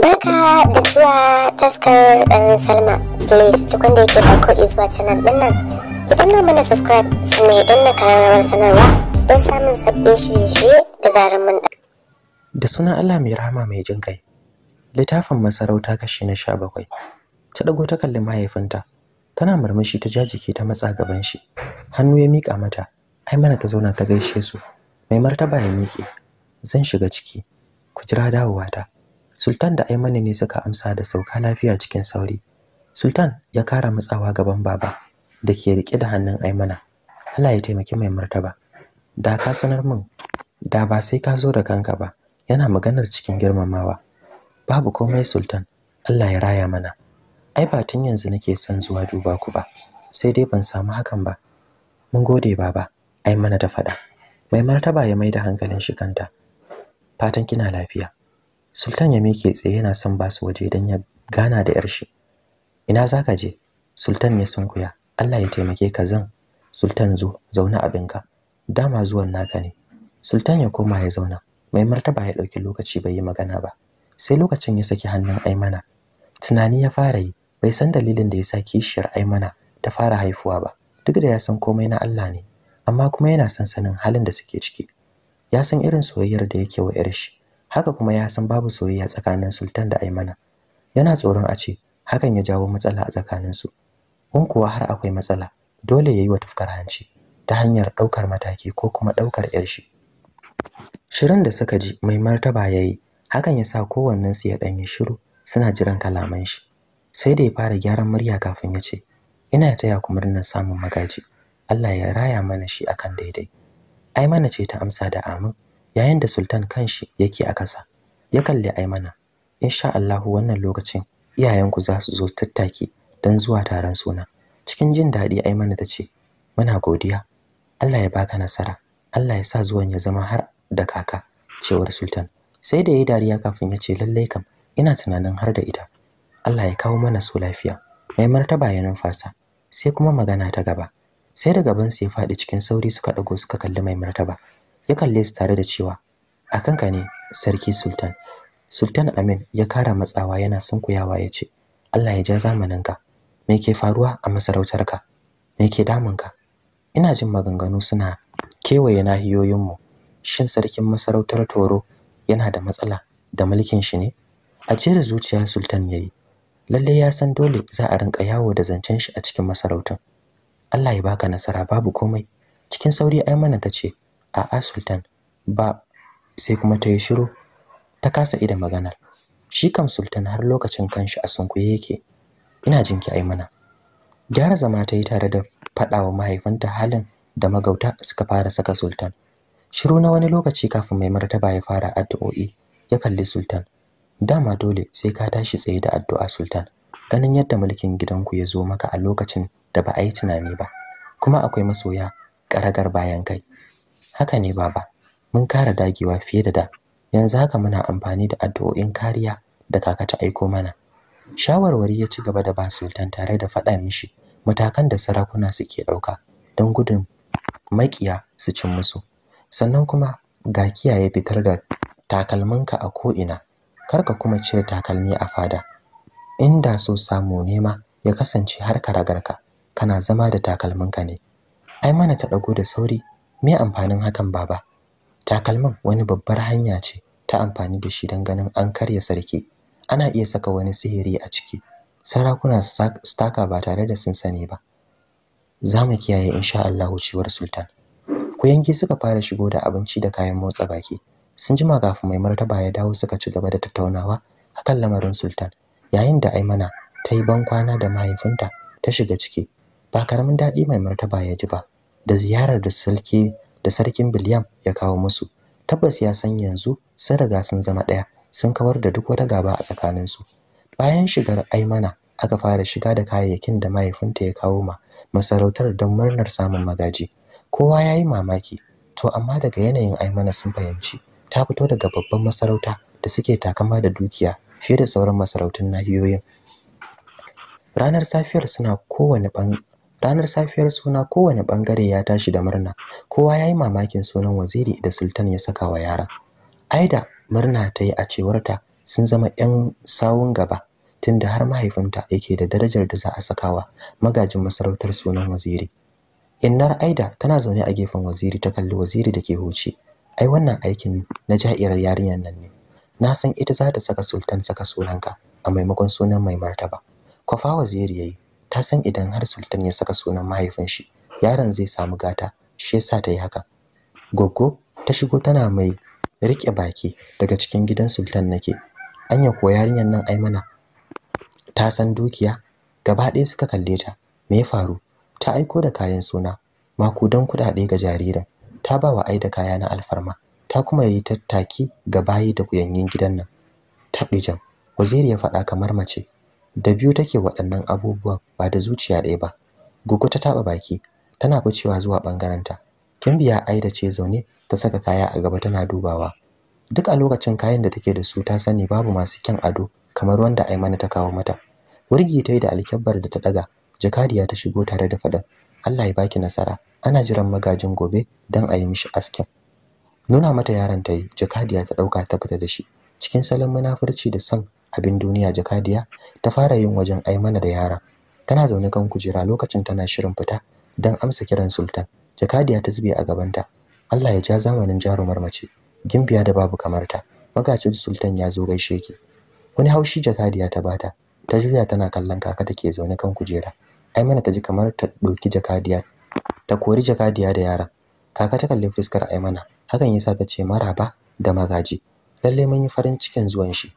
Barka da zuwa taskar ɗan Salma. Please duk wanda yake farko izuwa canal ɗin nan, ki danna mana subscribe sannan don na kararrawar sanarwa don samun sabbin shirye-shirye da zarar mun da. Da sunan Allah mai rahama mai jin kai, littafin masarauta kashi na sha bakwai. Ta ɗago ta kalli mahaifinta, tana murmushi ta jajike ta matsa gaban shi hannu ya mika mata ai mana ta zauna ta gaishe su mai martaba ya miƙe zan shiga ciki ku jira ta. sultan da aimani ne suka amsa da sauka lafiya cikin sauri sultan ya kara matsawa gaban baba da ke rike da hannun aimana Allah ya taimaki mai martaba da ka sanar min da ba sai ka zo da kanka ba yana maganar cikin girmamawa babu komai sultan Allah ya raya mana ai ba tun yanzu nake son zuwa duba ku ba sai dai ban samu hakan ba mun gode baba ai mana da fada mai martaba ya maida hankalin shi kanta fatan kina lafiya sultan ya mike tsaye yana son ba su waje dan ya gana da yar shi ina zaka je sultan ya sunkuya Allah ya taimake ka zan sultan zo zauna abinka dama zuwan naka ne sultan ya koma ya zauna mai martaba ya ɗauki lokaci bai yi magana ba sai lokacin ya saki hannun aimana tunani ya fara yi bai san dalilin da ya sa kishiyar Aimana ta fara haifuwa ba duk da ya san komai na Allah ne amma kuma yana son sanin halin da suke ciki ya san irin soyayyar da yake wa yar shi haka kuma ya san babu soyayya tsakanin Sultan da Aimana yana tsoron a ce hakan ya jawo matsala a tsakaninsu kun kuwa har akwai matsala dole yayi wa tufkar hanci ta hanyar ɗaukar mataki ko kuma ɗaukar yar shi shirin da suka ji mai martaba yayi hakan ya sa kowannensu ya ɗanyi shiru suna jiran kalaman shi sai da ya fara gyaran murya kafin ya ce ina taya ku murnar samun magaji Allah ya raya mana shi akan daidai Aimana ce ta amsa da amin yayin da sultan kanshi yake a kasa ya kalli Aimana insha Allahu wannan lokacin iyayenku za su zo tattaki don zuwa taron suna cikin jin daɗi Aimana ta ce muna godiya Allah ya baka nasara Allah ya sa zuwan ya zama har da kaka cewar sultan sai da yayi dariya kafin ya ce lallai kam ina tunanin har da ita Allah ya kawo mana su lafiya mai martaba ya numfasa sai kuma magana ta gaba sai da gaban sai faɗi cikin sauri suka dago suka kalli mai martaba ya kalle su tare da cewa a kanka ne sarki sultan sultan amin ya kara matsawa yana sunkuyawa ya ce Allah ya ja zamanin ka. me ke faruwa a masarautar ka? me ke ka? ina jin maganganu suna kewaye nahiyoyinmu shin sarkin masarautar toro yana da matsala da mulkin shi ne a cire zuciya sultan ya yi. lalle ya san dole za a rinka yawo da zancen shi a cikin masarautar Allah ya baka nasara babu komai cikin sauri Aimana ta ce a'a sultan ba sai kuma ta yi shiru ta kasa ida maganar shi kam sultan har lokacin kanshi a sunkuye yake ina jinki Aimana gyara zama ta yi tare da faɗawa mahaifinta halin da magauta suka fara saka sultan shiru na wani lokaci kafin mai martaba ya fara addu'o'i ya kalli sultan dama dole sai ka tashi tsaye da addu'a sultan ganin yadda mulkin gidanku ya zo maka a lokacin da ba a yi tunani ba kuma akwai masoya karagar bayan kai haka ne baba mun kara dagewa fiye da da yanzu haka muna amfani da addu'o'in kariya da kaka ta aiko mana shawarwari ya ci gaba da ba sultan tare da faɗa mishi matakan da sarakuna suke ɗauka don gudun maƙiya su cin musu sannan kuma ga kiyaye fitar da takalminka a ko'ina kar ka kuma cire takalmi a fada inda so samu ne ya kasance har ka karagarka kana zama da takalminka ne ai mana ta dago da sauri me amfanin hakan baba takalmin wani babbar hanya ce ta amfani da shi don ganin an karya sarki ana iya saka wani sihiri a ciki sarakuna su taka ba tare da sun sani ba za mu kiyaye insha Allahu ciwar sultan kuyangi suka fara shigo da abinci da kayan motsa baki sun jima kafin mai martaba ya dawo suka ci gaba da tattaunawa akan lamarin sultan yayin da aimana ta yi bankwana da mahaifinta ta shiga ciki ba karamin daɗi mai martaba ya ji ba da ziyarar da sarki da sarkin biliyam ya kawo musu tabbas ya san yanzu sun riga sun zama ɗaya sun kawar da duk wata gaba a tsakaninsu bayan shigar aimana aka fara shiga da kayayyakin da mahaifinta ya kawo ma masarautar don murnar samun magaji kowa ya yi mamaki to amma daga yanayin aimana sun fahimci ta fito daga babban masarauta da suke takama da dukiya fiye da sauran masarautun nahiyoyin ranar safiyar suna kowane ranar safiyar suna kowane bangare ya tashi da murna kowa ya yi mamakin sunan waziri da sultan ya saka wa yaran aida murna ta yi a cewarta sun zama 'yan sawun gaba tunda har mahaifinta yake da darajar da za a sakawa magajin masarautar sunan waziri innar aida tana zaune a gefen waziri ta kalli waziri da ke huce ai wannan aikin na ja'irar yarinyar nan ne na san ita za ta saka sultan saka sunanka a maimakon sunan mai martaba kwafa waziri yayi ta san idan har sultan ya saka sunan mahaifin shi yaron zai samu gata shi yasa ta yi haka goggo ta shigo tana mai rike baki daga cikin gidan sultan nake anya ko yarinyar nan ai mana ta san dukiya gaba ɗaya suka kalle ta me ya faru ta aiko da kayan suna makudan kuɗaɗe ga jaririn ta ba wa aida kaya na alfarma ta kuma yi tattaki ga bayi da kuyanyin gidan nan tabdijan waziri ya faɗa kamar mace da biyu take waɗannan abubuwan ba da zuciya ɗaya ba gugu ta taɓa baki tana ficewa zuwa ɓangarenta kimbiya aida ce zaune ta saka kaya a gaba tana dubawa duk a lokacin kayan da take da su ta sani babu masu kyan ado kamar wanda aimana ta kawo mata wurgi ta yi da alkyabbar da ta ɗaga jakadiya ta shigo tare da faɗan. Allah ya baki nasara ana jiran magajin gobe dan a yi mishi askin nuna mata yaron ta yi jakadiya ta dauka ta fita da shi cikin salon munafurci da son abin duniya jakadiya ta fara yin wajen aimana da yara tana zaune kan kujera lokacin tana shirin fita dan amsa kiran sultan jakadiya ta zube a gabanta Allah ya ja zamanin jarumar mace gimbiya da babu kamar ta magacin sultan ya zo gaishe ki wani haushi jakadiya ta bata ta juya tana kallon kaka take zaune kan kujera ai mana ta ji kamar ta ɗauki jakadiya ta kori jakadiya da yaran. Kaka ta kalli fuskar Aimana, hakan yasa ta ce maraba da magaji. Lalle mun yi farin cikin zuwan shi.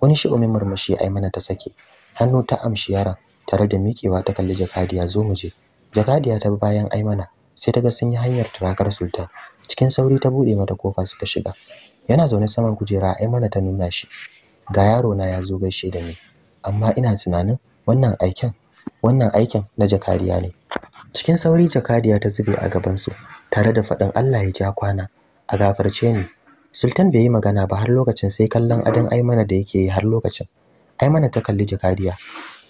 Wani shi umin murmushi Aimana ta sake. Hannu ta amshi yaran tare da mikewa ta kalli jakadiya zo mu je. Jakadiya ta bayan Aimana sai ta ga sun yi hanyar turakar sultan. Cikin sauri ta buɗe mata kofa suka shiga. Yana zaune saman kujera Aimana ta nuna shi. Ga yaro na ya zo gaishe da ni, amma ina tunanin wannan aiken wannan aikin na jakadiya ne cikin sauri jakadiya ta zube a gabansu tare da faɗin allah ya ja kwana a gafarce ni sultan bai yi magana ba har lokacin sai kallon adon aimana da yake yi har lokacin aimana ta kalli jakadiya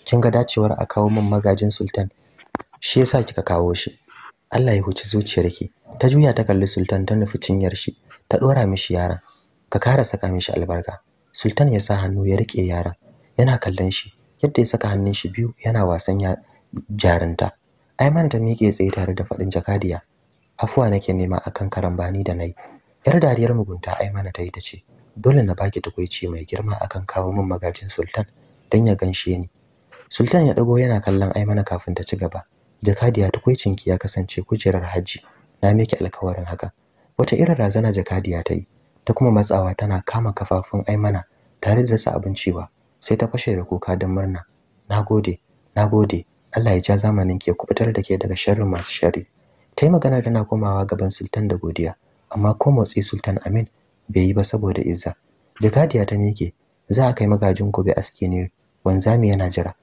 kin ga dacewar a kawo min magajin sultan shi yasa kika kawo shi allah ya huci zuciyarki ta juya ta kalli sultan ta nufi cinyar shi ta ɗora mishi yaran ka kara saka mishi albarka sultan ya sa hannu ya rike yaran yana kallon shi yadda ya saka hannun shi biyu yana wasan ya jarinta Aiman ta miƙe tsaye tare da faɗin jakadiya afuwa nake nema akan karambani da nai. yar dariyar mugunta Aimana ta yi ta ce dole na baki tukwaici mai girma akan kawo min magajin sultan dan ya ganshe ni sultan ya dago yana kallon Aimana kafin ta ci gaba jakadiya ki ya kasance kujerar haji na miki alkawarin haka wata irin razana jakadiya ta yi ta kuma matsawa tana kama kafafun Aimana tare da rasa abin sai ta fashe da kuka don murna Na gode, Allah ya ja zamanin ke kubutar da ke daga sharrin masu sharri ta yi magana tana komawa gaban sultan da godiya amma ko motsi sultan amin bai yi ba saboda izza jakadiya ta miƙe za a kai magajin gobe aski ne wanzami yana jira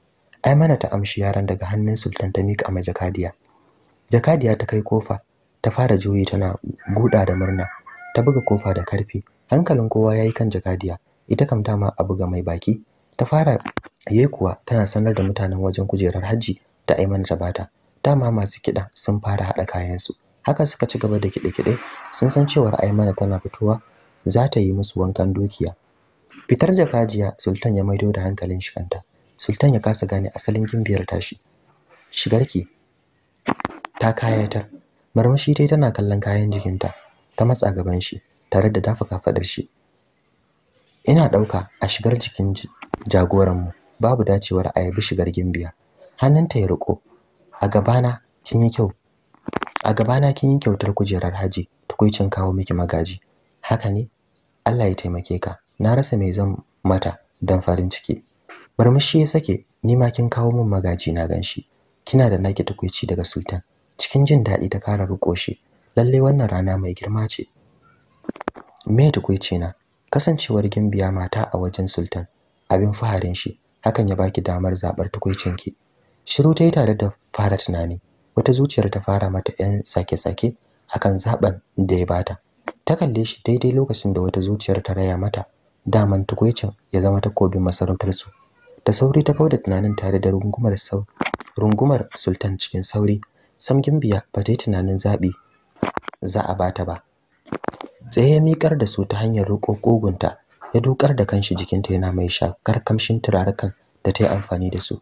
ai mana ta amshi yaran daga hannun sultan ta miƙa ma jakadiya jakadiya ta kai kofa ta fara juyi tana guda da murna ta buga kofa da karfi hankalin kowa yayi kan jakadiya ita kam ma a buga mai baki ta fara yayi kuwa tana sanar da mutanen wajen kujerar hajji da Aimana ta bata dama masu kiɗa sun fara haɗa kayansu haka suka ci gaba da kiɗe-kiɗe sun san cewar Aimana tana fitowa za ta yi musu wankan dukiya fitar jakajiya sultan ya maido da hankalin shi sultan ya kasa gane asalin gimbiyar tashi shigarki ta kayatar marmashi dai tana kallon kayan jikinta ta matsa gaban shi tare da dafa kafadar shi ina ɗauka a shigar jikin jagoranmu babu dacewar a yabi shigar gimbiya hannunta ya riko a gabana kin yi kyau a gabana kin yi kyautar kujerar haji tukuicin kawo miki magaji haka ne Allah ya taimake ka na rasa mai zan mata dan farin ciki murmushi ya sake ni ma kin kawo min magaji na ganshi kina da naki tukuici daga sultan cikin jin daɗi ta kara riko shi lalle wannan rana mai girma ce me tukuici na kasancewar gimbiya mata a wajen sultan abin faharin shi hakan ya baki damar zabar ki shiru tayi tare da fara tunani wata zuciyar ta fara mata yan sake-sake akan zaben da ya bata ta kalle shi daidai lokacin da wata zuciyar ta raya mata daman tukuicin ya zama takobin masarautar su da sauri ta kauda tunanin tare da rungumar sau rungumar sultan cikin sauri sam gimbiya ba ta yi tunanin zaɓi za a bata ba tsaye ya mikar da su ta hanyar roƙo kogunta ya dukar da kanshi jikinta yana mai shakar kamshin turarukan da ta yi amfani da su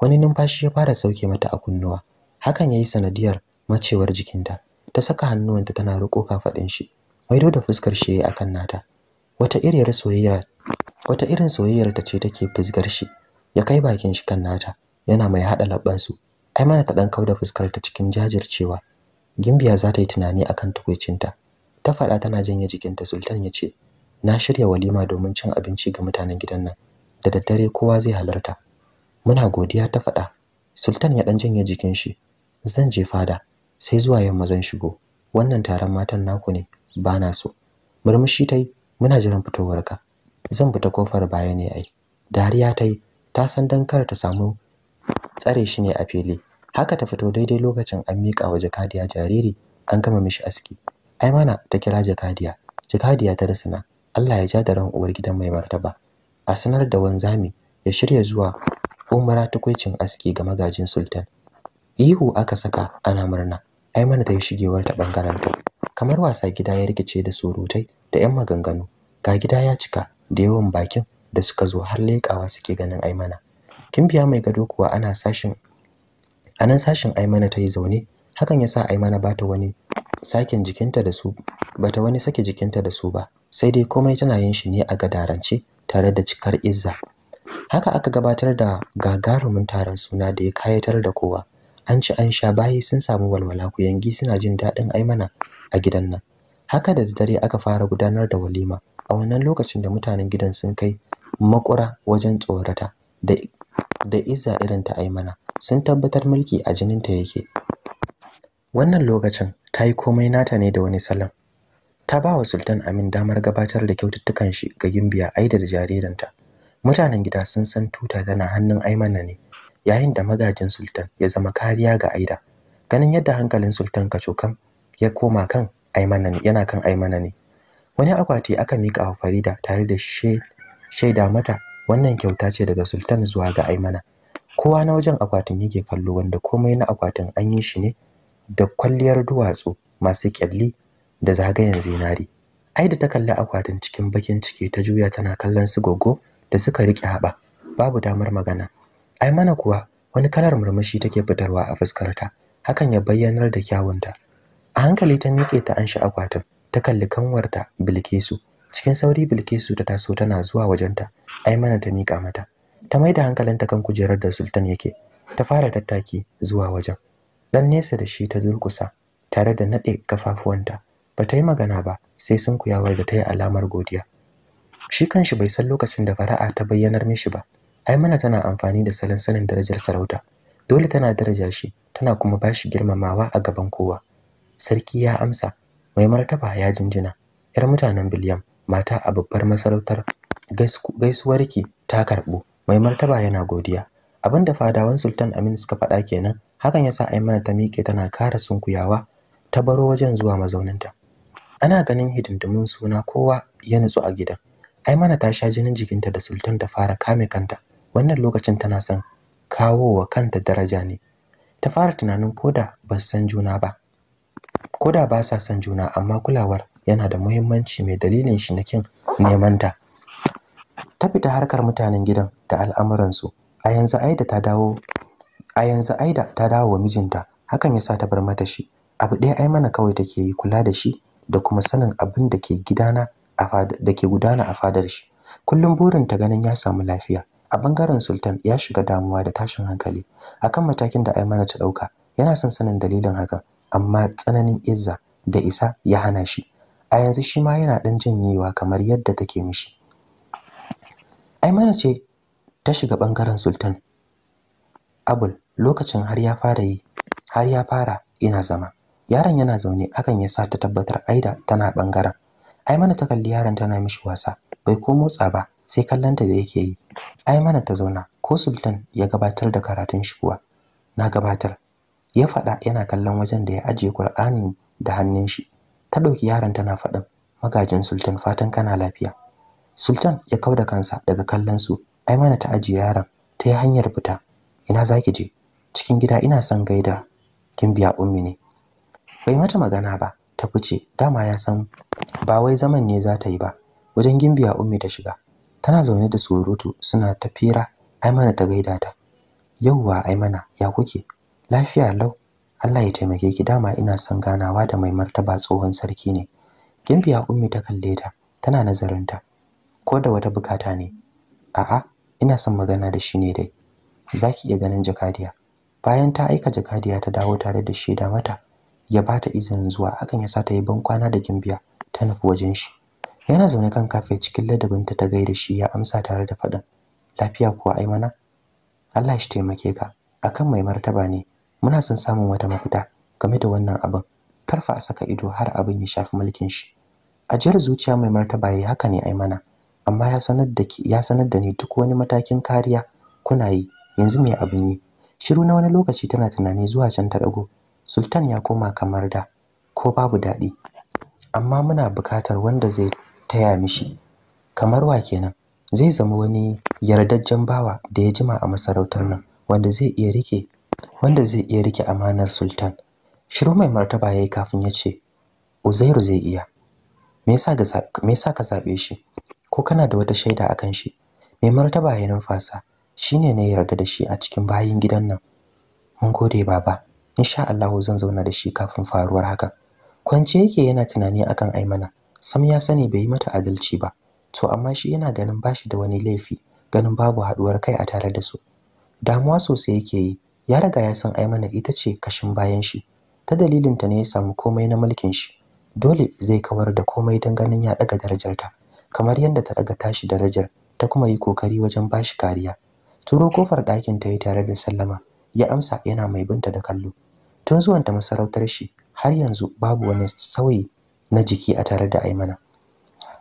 wani numfashi ya fara sauke mata a kunnuwa hakan ya yi sanadiyar macewar jikinta ta saka hannuwanta tana riƙo kafaɗin shi maido da fuskar shi ya yi akan nata wata iriyar soyayya wata irin soyayyar ta ce take fuskar shi ya kai bakin shi kan nata yana mai haɗa su ai mana ta ɗan kauda fuskar ta cikin jajircewa gimbiya za ta yi tunani akan tukwicinta ta faɗa tana janye jikinta sultan ya ce na shirya walima domin cin abinci ga mutanen gidan nan da daddare kowa zai halarta muna godiya ta faɗa sultan ya ɗan janye jikin shi zan je fada sai zuwa yamma zan shigo wannan taron matan naku ne ba na so murmushi ta yi muna jiran fitowarka zan fita kofar baya ne ai dariya ta yi ta san dan kar ta samu tsare shi ne a fili haka ta fito daidai lokacin an miƙa wa jakadiya jariri an gama mishi aski ai mana ta kira jakadiya jakadiya ta na Allah ya ja da ran uwar gidan mai martaba a sanar da wanzami ya shirya zuwa umara tukuicin aski ga magajin sultan ihu aka saka ana murna ai mana ta yi shigewar ta bangaren ta kamar wasa gida ya rikice da surutai da yan maganganu ga gida ya cika da yawan bakin da suka zo har leƙawa suke ganin aimana kimbiya mai gado kuwa ana sashin anan sashin aimana ta yi zaune hakan yasa sa aimana ba ta wani sakin jikinta da su bata wani sake jikinta da su ba sai dai komai tana yin shi ne a gadarance tare da cikar izza haka aka gabatar da gagarumin taron suna da ya kayatar da kowa an ci an sha bayi sun samu walwala ku yangi suna jin daɗin aimana a gidan nan haka da dare aka fara gudanar da walima a wannan lokacin da mutanen gidan sun kai makura wajen tsorata da da izza irin ta aimana sun tabbatar mulki a jininta yake wannan lokacin ta yi komai nata ne da wani salon ta ba wa sultan amin damar gabatar da kyaututtukan shi ga gimbiya aidar jaririnta mutanen gida sun san tuta tana hannun aimana ne yayin da magajin sultan ya zama kariya ga aida ganin yadda hankalin sultan Cokan ya koma kan aimana ne yana kan aimana ne wani akwati aka mika wa farida tare da shaida mata wannan kyauta ce daga sultan zuwa ga aimana kowa na wajen akwatin yake kallo wanda komai na akwatin an yi shi ne da kwalliyar duwatsu masu kyalli da zagayen zinari ai da ta kalli akwatin cikin bakin ciki ta juya tana kallon su goggo da suka riƙe haɓa babu damar magana ai mana kuwa wani kalar murmushi take fitarwa a fuskarta hakan ya bayyanar da kyawunta a hankali ta miƙe ta anshi akwatin ta kalli kanwarta bilkisu cikin sauri bilkisu ta taso tana zuwa wajenta ai mana ta miƙa mata ta maida hankalinta kan kujerar da sultan yake ta fara tattaki zuwa wajen dan nesa da shi ta durkusa tare da nade kafafuwanta bata yi magana ba sai sun kuyawar da ta yi alamar godiya shi kanshi bai san lokacin da fara'a ta bayyanar mishi ba ai mana tana amfani da salon sanin darajar sarauta dole tana daraja shi tana kuma ba shi girmamawa a gaban kowa sarki ya amsa mai martaba ya jinjina yar mutanen Biliyam mata a babbar masarautar gaisuwarki ta karbo mai martaba yana godiya Abin da fadawan Sultan Amin suka faɗa kenan hakan yasa Aimana ta miƙe tana kara sunkuyawa ta baro wajen zuwa mazauninta ana ganin hidindimun suna kowa ya nutsu a gidan Aimana ta sha jinin jikinta da Sultan ta fara kame kanta wannan lokacin tana son kawo wa kanta daraja ne ta fara tunanin koda ba san juna ba koda ba sa san juna amma kulawar yana da muhimmanci mai dalilin shi na kin neman ta ta fita harkar mutanen gidan da al'amuransu a yanzu ai da ta dawo a yanzu aida ta dawo wa mijinta hakan sa ta bar mata shi abu ɗaya ai mana kawai take yi kula da shi da kuma sanin abin da ke gidana a fada da ke gudana a fadar shi kullum burin ta ganin ya samu lafiya a bangaren sultan ya shiga damuwa da tashin hankali akan matakin da aimana ta dauka yana son sanin dalilin hakan amma tsananin izza da isa ya hana shi a yanzu shi ma yana dan janyewa kamar yadda take mishi aimana ce ta shiga bangaren sultan abul lokacin har ya fara yi har ya fara ina zama yaron yana zaune akan ya sa ta tabbatar aida tana bangaren mana ta kalli yaron tana mishi wasa bai ko motsa ba sai kallanta da yake yi ai mana ta zauna ko sultan ya gabatar da karatun shi kuwa na gabatar ya faɗa yana kallon wajen da ya ajiye Kur'anin da hannun shi ta ɗauki yaron tana faɗin magajin sultan fatan kana lafiya sultan ya kauda kansa daga kallon su ai mana ta ajiye yaron ta yi hanyar fita ina zaki je cikin gida ina son gaida kin biya ummi ne bai mata magana ba ta fice dama ya san ba wai zaman ne za ta yi ba wajen gimbiya ummi ta shiga tana zaune da surutu suna ta fira aimana ta gaida ta yauwa aimana ya kuke lafiya lau Allah ya taimake ki dama ina son ganawa da mai martaba tsohon sarki ne gimbiya ummi ta kalle ta tana nazarin ta ko da wata bukata ne a'a ina son magana da shi ne dai zaki iya ganin jakadiya bayan ta aika jakadiya ta dawo tare da shaida mata ya ba ta izinin zuwa hakan ya sa ta yi bankwana da gimbiya ta nufi wajen shi yana zaune kan kafe cikin ladabinta ta gaida shi ya amsa tare da faɗin lafiya kuwa ai mana Allah shi taimake ka akan mai martaba ne muna son samun wata mafita game da wannan abin karfa a saka ido har abin ya shafi mulkin shi ajiyar zuciya mai martaba yayi haka ne ai mana amma ya sanar da ni duk wani matakin kariya kuna yi yanzu me abin yi shiru na wani lokaci tana tunani zuwa can ta dago sultan ya koma kamar da ko babu daɗi amma muna buƙatar wanda zai taya mishi kamar wa kenan zai zama wani yardajjen bawa da ya jima a masarautar nan wanda zai iya rike wanda zai iya rike amanar sultan shiru mai martaba yayi kafin ya ce uzairu zai iya me yasa ka zaɓe shi ko kana da wata shaida akan shi mai martaba ya numfasa shine na yarda da shi a cikin bayin gidan nan mun gode baba insha Allah zan zauna da shi kafin faruwar haka kwance yake yana tunani akan Aimana sam ya sani bai yi mata adalci ba to amma shi yana ganin bashi da wani laifi ganin babu haduwar kai a tare da su damuwa sosai yake yi ya riga ya san Aimana ita ce kashin bayan shi ta dalilin ta ne ya samu komai na mulkin shi dole zai kawar da komai don ganin ya daga darajarta kamar yadda ta daga tashi darajar ta kuma yi kokari wajen bashi kariya turo kofar ɗakin ta yi tare da sallama ya amsa yana mai binta da kallo tun zuwanta masarautar shi har yanzu babu wani sauyi na jiki a tare da aimana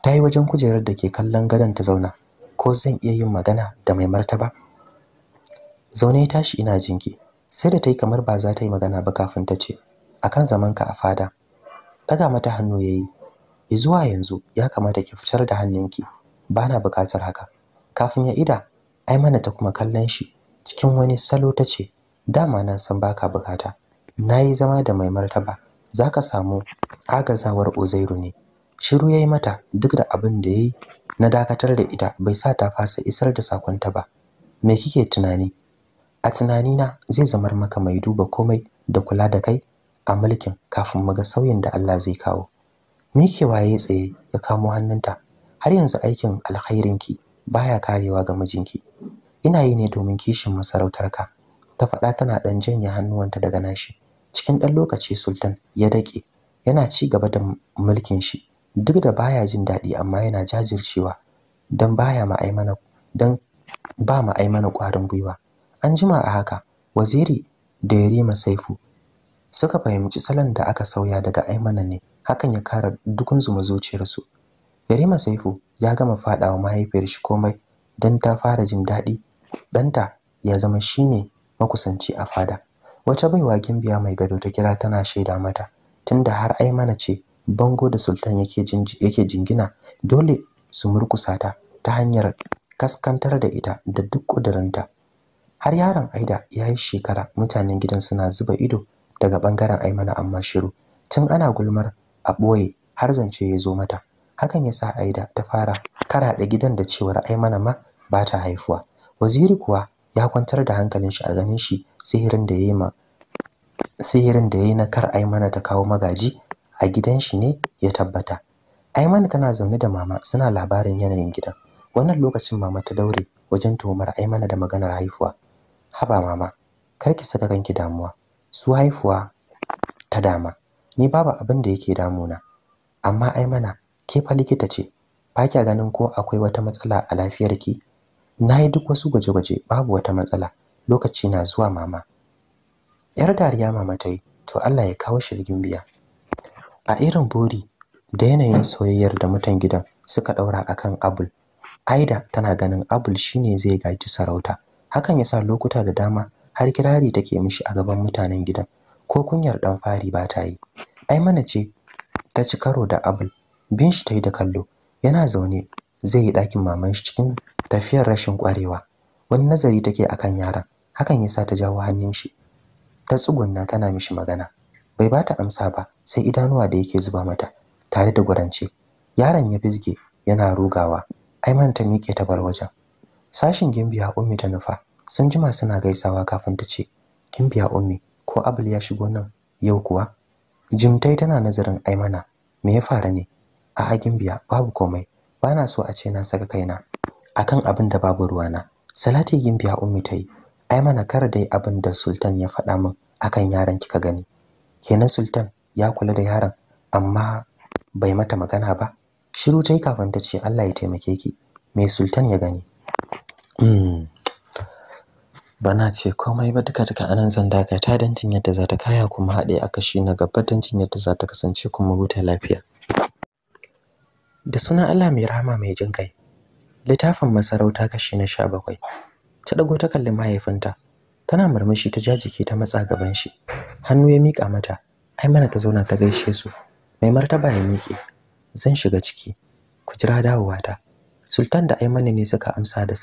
ta yi wajen kujerar da ke kallon gadon ta zauna ko zan iya yin magana da mai martaba zaune ya tashi ina jinki sai da ta yi kamar ba za ta yi magana ba kafin ta ce a akan zamanka a fada ɗaga mata hannu ya yi zuwa yanzu ya kamata ki fitar da hannunki bana na buƙatar haka kafin ya ida mana ta kuma kallon shi cikin wani salo ta ce, "Dama na san baka bukata. Na yi zama da mai martaba, za ka samu agazawar ozairu ne." Shiru ya yi mata duk da abin da ya yi na dakatar da ita bai sa ta fasa isar da sakonta ba. Me kike tunani? A tunanina zai zamar maka mai duba komai da kula da kai a mulkin kafin muga sauyin da Allah zai kawo. Mikewa ya tsaye ya kamo hannunta har yanzu aikin alkhairinki baya karewa ga mijinki ina yi ne domin kishin masarautarka ta faɗa tana ɗan janye hannuwanta daga nashi cikin ɗan lokaci sultan ya daƙe yana ci gaba da mulkin shi duk da baya jin daɗi amma yana jajircewa don baya ma'aimana don ba ma'aimana ƙwarin gwiwa an jima a haka waziri da yarima saifu suka fahimci salon da aka sauya daga aimana ne hakan ya kara dukun zuma zuciyarsu Yarima Saifu ya gama faɗawa mahaifiyar shi komai don ta fara jin daɗi ɗanta ya zama shine makusanci a fada. Wata baiwa gimbiya mai gado ta kira tana shaida mata tunda har ai mana ce bango da sultan yake yake jingina dole su murkusa ta ta hanyar kaskantar da ita da duk ƙudurinta. Har yaron Aida ya yi shekara mutanen gidan suna zuba ido daga bangaren Aimana amma shiru tun ana gulmar a ɓoye har zance ya zo mata. hakan ya sa aida ta fara karaɗe gidan da cewar ai mana ma ba ta haifuwa waziri kuwa ya kwantar da hankalin shi a ganin shi sihirin da yayi ma sihirin da yayi na kar ai mana ta kawo magaji a gidan shi ne ya tabbata ai mana tana zaune da mama suna labarin yanayin gidan wannan lokacin mama ta daure wajen tuhumar ai mana da maganar haifuwa haba mama kar ki saka kanki damuwa su haifuwa ta dama ni babu abin da yake damuna amma ai mana ke fa likita ce ba kya ganin ko akwai wata matsala a lafiyarki na yi duk wasu gwaje-gwaje babu wata matsala lokaci na zuwa mama yar dariya mama ta yi to Allah ya kawo shirgin biya a irin buri da yanayin soyayyar da mutan gidan suka daura akan abul aida tana ganin abul shine zai gaji sarauta hakan yasa lokuta da dama har kirari take mishi a gaban mutanen gidan ko kunyar dan fari ba ta yi ai mana ce ta ci karo da abul bin shi ta yi da kallo yana zaune zai yi ɗakin maman shi cikin tafiyar rashin ƙwarewa wani nazari take a kan yaran hakan ya sa ta jawo hannun shi ta tsugunna tana mishi magana bai bata amsa ba sai idanuwa da yake zuba mata tare da gwarance yaron ya fizge yana rugawa aiman ta miƙe ta bar wajen sashin gimbiya ummi ta nufa sun jima suna gaisawa kafin ta ce gimbiya ummi ko abul ya shigo nan yau kuwa jimtai tana nazarin aimana me ya fara ne A a'a biya, babu komai bana so a ce na saka kaina akan abin da babu ruwa ruwana salati biya ummi tayi ai mana kar dai abin da sultan ya faɗa min akan yaron kika gani kenan sultan ya kula da yaran amma bai mata magana ba shiru tayi kafin ta ce Allah ya taimake ki me sultan ya gani mm. bana ce komai ba duka duka anan zan dakata don jin yadda za ta kaya kuma haɗe a kashi na gaba don jin yadda za ta kasance kuma huta lafiya da suna Allah mai rahama mai jin kai littafin masarauta kashi na 17 ta dago ta kalli mahaifinta tana murmushi ta jajike ta matsa gaban shi hannu ya mika mata ai mana ta zauna ta gaishe su mai martaba ya miƙe zan shiga ciki ku jira dawowata sultan da aimana ne suka amsa da